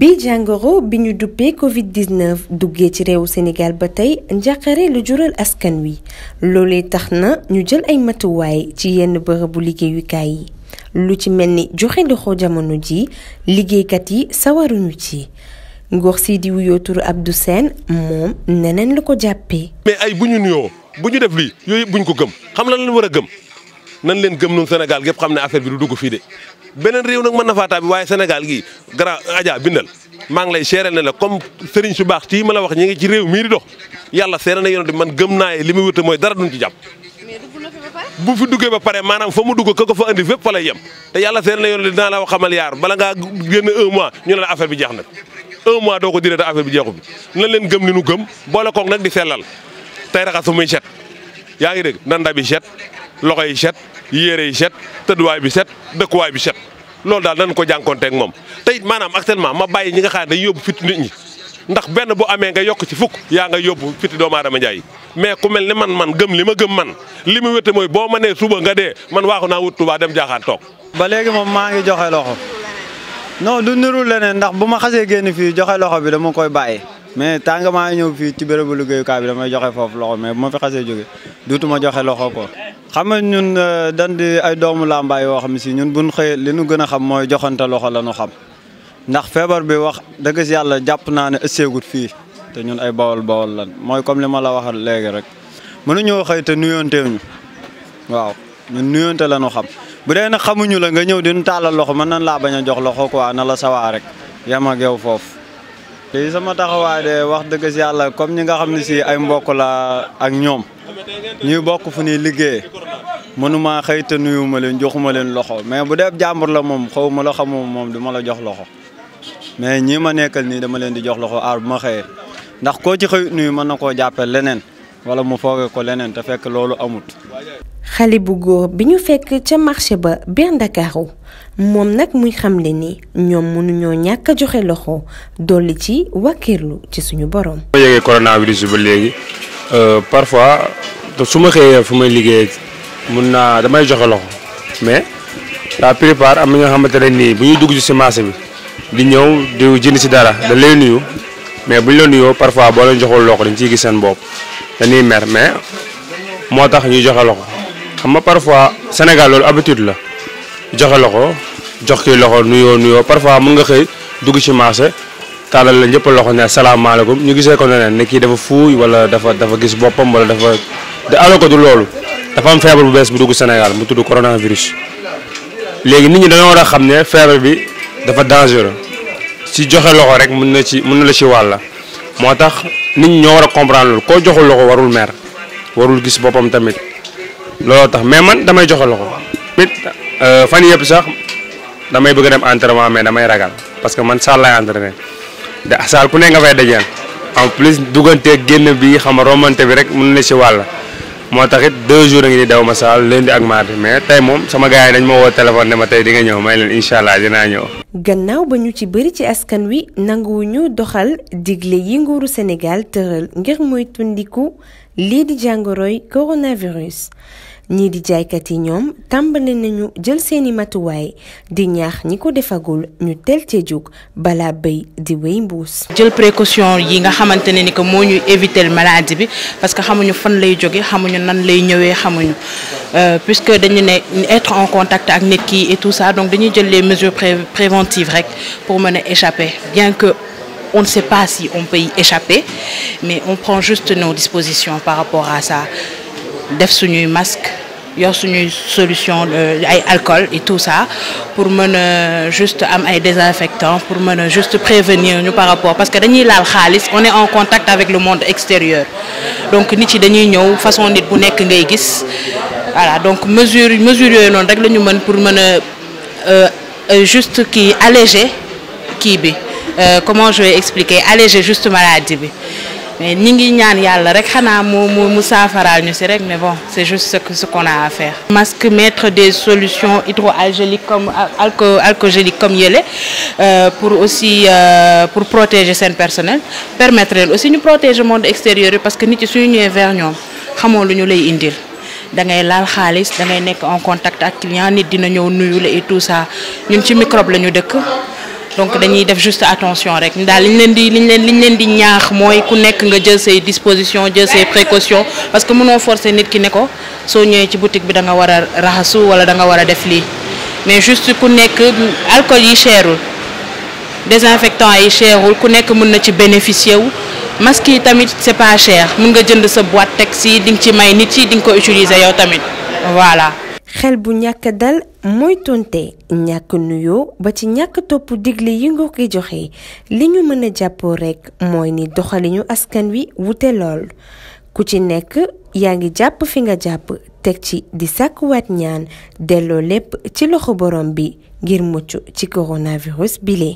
bi jàngoro biñu duppé Covid 19 duggé ci réew Sénégal ba tey njàqare lu jural askan wi lolé taxna na ñu jël ay matuwaay ci yenn bërëbu liggéeyukaay yi lu ci melni joxé joxe loxo jamono ji kat yi sawaruñu ci ngox si di wuyoo turu Abdou Sène moom ko mais ay buñu nuyo buñu def li yoy buñ ko gëm xam lan la wara gëm. nan leen gëm nun Sénégal gépp xam ne affaire bi du dugg fii de beneen réew nag mën na faa tàbbi waaye Sénégal gii grand Adja bindal maa ngi lay seeral ne la comme Serigne su baax ci ma la wax ñi ngi ci réew mii di dox yàlla seere na yonent man gëm naa li muy wute mooy dara duñ ci jàpp. bu fi duggee ba pare maanaam fa mu dugg ko ko fa andi fépp fa lay yem te yàlla seere na yonent dinaa la wax bala ngaa génn un mois ñu ne bi jeex na un mois doo ko diree te affaire bi jeexu bi nan leen gëm ni nu gëm boole koog nag di sellal tey raxas su muy set yaa ngi dégg nanda bi set loxo yi set yére yi set tëdduwaay bi set dëkkuwaay bi set loolu daal dañ ko jànkonteeg moom tey it maanaam actuellement ma bàyyi ñi nga xam ne yóbbu fit nit ñi ndax benn bu amee nga yokk ci fukk yaa nga yóbbu fiti doomu aadama njaay mais ku mel ni man man gëm li ma gëm man li mu wéte mooy boo ma nee suba nga dee man waaxu naa wut Tuubaa dem jaaxaan toog ba léegi moom maa ngi joxe loxo non du niru leneen ndax bu ma xasee génn fii joxe loxo bi dama koy bàyyi mais tàng maa ngi ñëw fii ci bérébu liggéeyukaay bi damay joxe foofu loxo mais bu ma fi xasee jóge duutuma joxe loxo ko xam nga ñun euh, dan di ay doomu làmbaay yoo xam si ñun buñ xëyee li nu gën a xam mooy joxante loxo la ñu xam ndax feebar bi wax dëgg yàlla jàpp naa ne ësseegut fii te ñun ay bawol bawol lan mooy comme li ma la waxal léegi rek a mënuñoo xëy te ñu waaw ñun nuyonte la ñu xam bu dee nag xamuñu la nga ñëw di ñu tàllal loxo mën nañ laa bañ a jox loxo quoi na la sawaa rek yam a yow foofu. lii sama taxawaay de wax dëgg yàlla comme ñi nga xam ne si ay mbok la ak ñoom. ñuy bokk fu ñuy liggéey mënuma xëy te nuyuma leen joxuma leen loxo mais bu dee jàmbur la moom xaw ma la xamoo moom du la jox loxo mais ñii ma nekkal nii dama leen di jox loxo aar bu ma xëyee ndax koo ci xëyut nuyu mën na koo jàppee leneen wala mu foogee ko leneen te fekk loolu amut. xale bu góor bi ñu fekk ca marché ba biir Ndakaaru moom nag muy xam ni ñoom mënuñoo ñàkk a joxe loxo dolli ci wàkkirlu ci suñu borom. ma yëgee coronavirus ba léegi. Euh, parfois su ma xëyee fu may liggéeyee mun naa damay joxe loxo mais la plupart am na nga xamante ne nii bu ñuy dugg ci marché bi di ñëw di jënd ci dara dañ lay nuyu mais bu ñu la nuyoo parfois boo leen joxul loxo dañ ciy gis seen bopp dañuy mer mais moo tax ñuy joxe loxo xam nga parfois Sénégal loolu habitude la joxe loxo jox kii loxo nuyoo nuyoo parfois mun nga xëy dugg ci marché. talal la ñëpp loxo ne salaamaaleykum ñu gisee ko neneen ne kii dafa fuuy wala dafa dafa gis bopam wala dafa de alors du loolu dafa am feebar bu bees bu dugg Sénégal mu tudd coronavirus léegi nit ñi dañoo bi dafa dangereux si joxe loxo rek mën na ci mën na la ci wàlla moo nit ñi ñoo war comprendre warul mer warul gis bopam tamit looloo tax mais man damay joxe loxo mit euh, fan yëpp sax damay bëgg dem entraînement mais damay ragal parce que man sa lay entraîner da saal ku ne nga fay dajeel en plus duggante génn bi xam romante bi rek mun na si wàlla moo tax it deux jours a ngi ni daw ma saal lundi ak mardi mais tey moom sama gars yi dañ ma woo téléphone ne ma tey di nga ñëw may leen incha allah dinaa ñëw. gannaaw ba ñu ci bëri ci askan wi nanguwuñu doxal digle yi nguuru Sénégal tëral ngir moytandiku lii di jàngoroy coronavirus ni di jaaykat yi ñoom tàmbali nañu jël seeni matuwaay di ñaax ñi ko defagul ñu teel cee jóg balaa di wéy mbuus. jël précaution yi nga xamante ne ni que moo ñuy éviter maladie bi parce que xamuñu fan lay jóge xamuñu nan lay ñëwee xamuñu euh, puisque dañu ne être en contact ak nit ki et tout ça donc dañuy jël les mesures préventives rek pour mën échapper bien que on ne sait pas si on peut y échapper, mais on prend juste nos dispositions par rapport à ça. Def suñuy masque yor suñuy solution euh, ay alcool et tout ça pour mener juste am ay pour juste prévenir nous par rapport parce que dañuy laal on est en contact avec le monde extérieur donc nit ci dañuy ñëw façon nit bu nek ngay gis voilà donc mesure mesure non rek pour euh, euh, juste qui alléger qui bi. Euh, comment je vais expliquer alléger juste maladie à mais ñi ngi ñaan mais bon c'est juste ce qu'on a à faire. masque mettre des solutions hydroalcooliques comme alco alcogéliques comme euh, pour aussi euh, pour protéger son personnel permettre aussi nous protéger monde extérieur parce que nous sommes suñu vers nous, xamoo lu ñu lay da en contact avec client clients, dina ñëw nuyu et tout ça Nous ci microbe la donc dañuy def juste attention rek dal liñ leen di liñ leen liñ leen di ñaax moy ku nekk nga jël say disposition jël say précautions parce que mëno forcer nit ki neko so soo ci boutique bi da nga wara rahasu wala da nga wara def li mais juste ku nekk alcool yi cherul désinfectant yi cherul ku nekk mën na ci bénéficier wu masque yi tamit c'est pas cher mën nga jënd sa boîte taxi si di nga ci may nit yi di nga ko utiliser yow tamit voilà xel bu ñàkk dal mooy ñàkk nuyoo ba ci ñàkk topp digle yi nga koy joxe li ñu mën jàppoo rekk mooy ni doxaliñu askan wi wute lool ku ci nekk yaa ngi jàpp fi nga jàpp teg ci di sàkkuwaat ñaan delloo lépp ci loxo borom bi ngir mucc ci coronavirus bile.